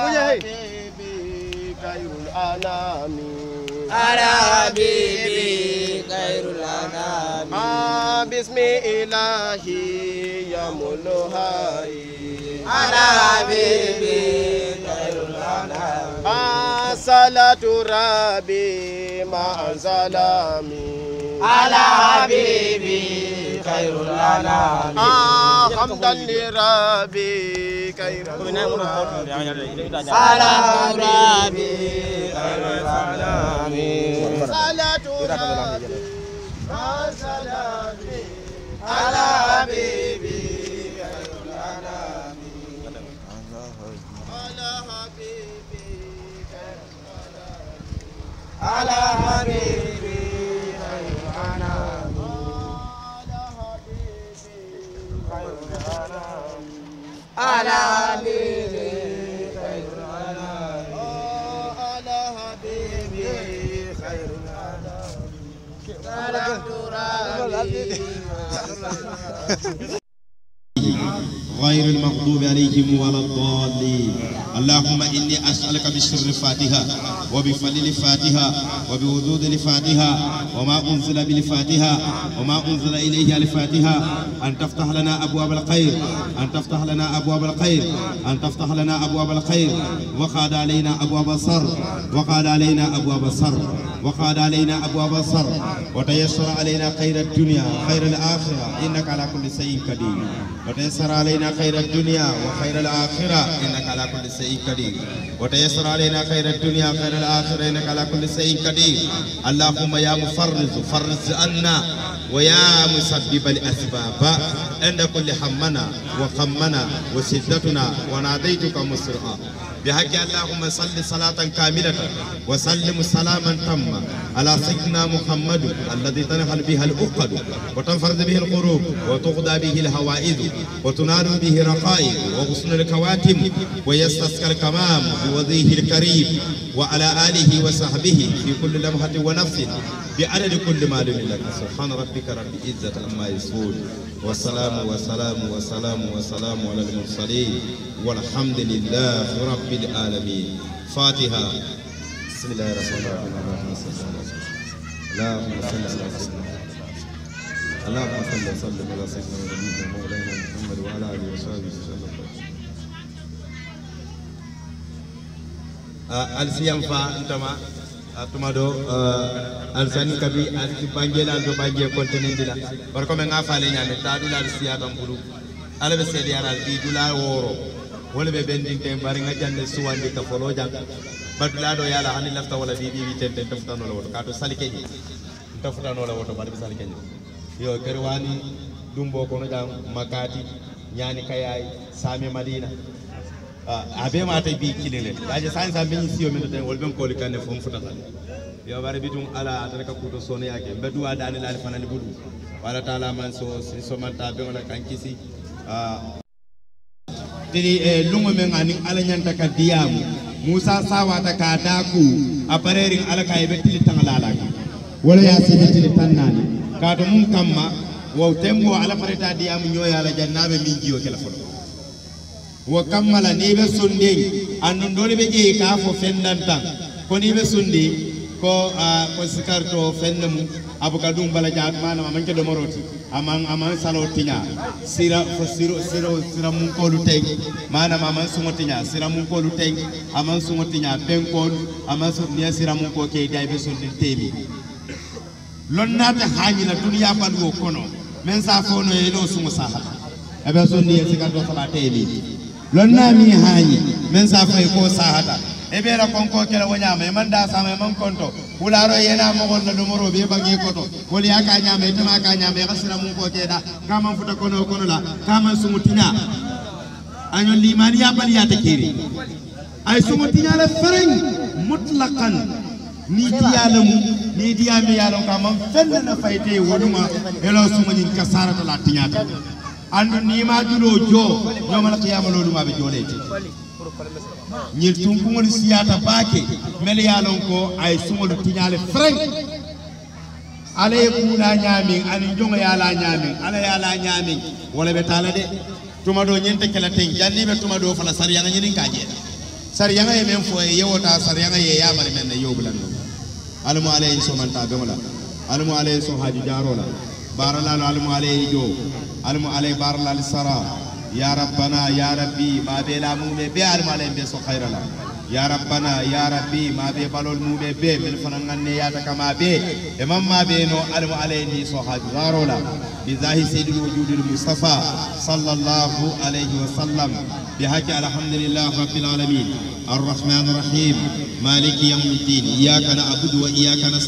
حبيبي خير الأنام على حبيبي خير الأنام بسم إلهي يا ملوهاي على حبيبي خير الأنام صلاة ربي مع سلامي على حبيبي خير الأنام آه حمدا لربي خير الأنام صلاة ربي خير الأنام صلاة ربي مع سلامي على على حبيبي خير الأنام على حبيبي خير الأنام على حبيبي خير على حبيبي خير الأنام سلام ترابي غير المغضوب عليهم ولا الضالين اللهم إني أسألك بسر الفاتحة وبفل الفاتحة وبوجود الفاتحة وما أنزل بالفاتحة وما أنزل إليها الفاتحة أن تفتح لنا أبواب الخير أن تفتح لنا أبواب الخير أن تفتح لنا أبواب الخير وقاد علينا أبواب الصر وقاد علينا أبواب الصر وقاد علينا أبواب الصر وتيسر علينا خير الدنيا خير الآخرة إنك على كل شيء قدير وتيسر علينا آتنا خير الدنيا وخير الآخرة إنك على كل شيء قدير وتيسر علينا خير الدنيا وخير الآخرة إنك على كل شيء قدير اللهم يا مفرز فرز عنا ويا مسبب الأسباب عند كل همنا وخمنا وسدتنا وناديتك مسرعا بحق اللهم صل صلاة كاملة وسلم سلاما تما على سيدنا محمد الذي تنحل به الأقد وتنفرد به القروب وتغدى به الهوائد وتنال به رقائق وغصن الكواتم ويستسكى الكمام بوضيه الكريم وعلى آله وصحبه في كل لمحة ونفس بعدد كل ما لك سبحان ربك رب العزة أما يصفون والسلام والسلام والسلام والسلام على المرسلين والحمد لله رب العالمين فاتحة بسم الله الرحمن الرحيم اللهم صل على سيدنا اللهم صل وسلم على سيدنا ونبينا مولانا محمد وعلى اله وصحبه وسلم الفيام فا انتما tuma ɗo eh, aɗa sani kabi aɗa bangue laɗo bangue continenti la par comme ga faale ñamen ta ɗula siya tan ɓulu ala ɓe seeɗi ara ɗi ɗula wooro wala ɓe ɓendinte mbari ga jande suwandi ta folo jang baɗɗulaɗo yaala hani lafta wala ɓi ɓiwi ten ten tafutanola woto ka to salikeƴe tafutanola woto mbaɗa ɓe salikeƴe yo kadi wani ɗumbo kono jam makati ñani kayaay sami madina abe ah, ah, mata bi kilele daje san san bin siyo min tan wol ben ko li kanne fon futa tan yo bare bitum ala tan ka kuto sono yake be duwa ah, dani lal fanani budu wala taala man so so man ta be wala kan kisi tiri e lungo men ani ala nyanta ka diyamu musa sawata ka daku aparerin ala ka be tili tan lala la wala ya se tili tan nani ka to mun kamma wo wawtemmo ala fareta diyamu nyoya ala jannabe min jiyo kala fodo wo kammala ni be sundi annun dole be je ka fo fennanta ko ni be sundi ko uh, ko sikarto fennemu abuka dum bala jaat manama manke moroti aman aman salo tinya sira fo siro siro sira mun ko lu teng manama man sungo tinya sira mun ko lu teng aman sungo tinya pen ko aman so ni sira mun ko ke day be sundi temi lonnata hañila duniya wo kono men sa no e sumo sungo saha ebe sundi e sikarto sala temi lonna mi hañi min sa fay ko sahata e ɓeera konko kela woñama e man dasama e man konto wularo yena mogol na ɗumoro ɓe bange koto woli ya ka ñama e tema ka ñama e hasira mum ko keeɗa kaman futa kono kono la kaman sumutina añon limani ya baliyata keri ay sumutinala fereŋ mutlaqan ni diyalamu ni diyame yalon kaman fenne na fayte woluma elo sumañin kasarata la tiñata andu nima julo jo yawmal qiyamah lolu mabe jolete ñil tunkugol siyata baake mel yalon ko ay sumul tiñale frank ala ye kuula ñamin ani jongo yala ñamin ala yala ñamin wala be tala de tuma ɗo kala kela ten be tuma ɗo fana sariyanga ñinin ka jeeɗa sariyanga ye men fo e yewota sariyanga ye yamari men ne yowbulanno alamu alayen somanta bemola alamu alayhi so haaju jarola بارلال علم عليه جو علم عليه بارلال سرا يا ربنا يا ربي ما بلا مومي بي علم عليه بي سو خير لا يا ربنا يا ربي ما بي بالول مومي بي من فنان يا تكما بي امام ما بي نو علم عليه ني سو حاجارو لا بذاه سيد وجود المصطفى صلى الله عليه وسلم بهاك الحمد لله رب العالمين الرحمن الرحيم مالك يوم الدين اياك نعبد واياك نستعين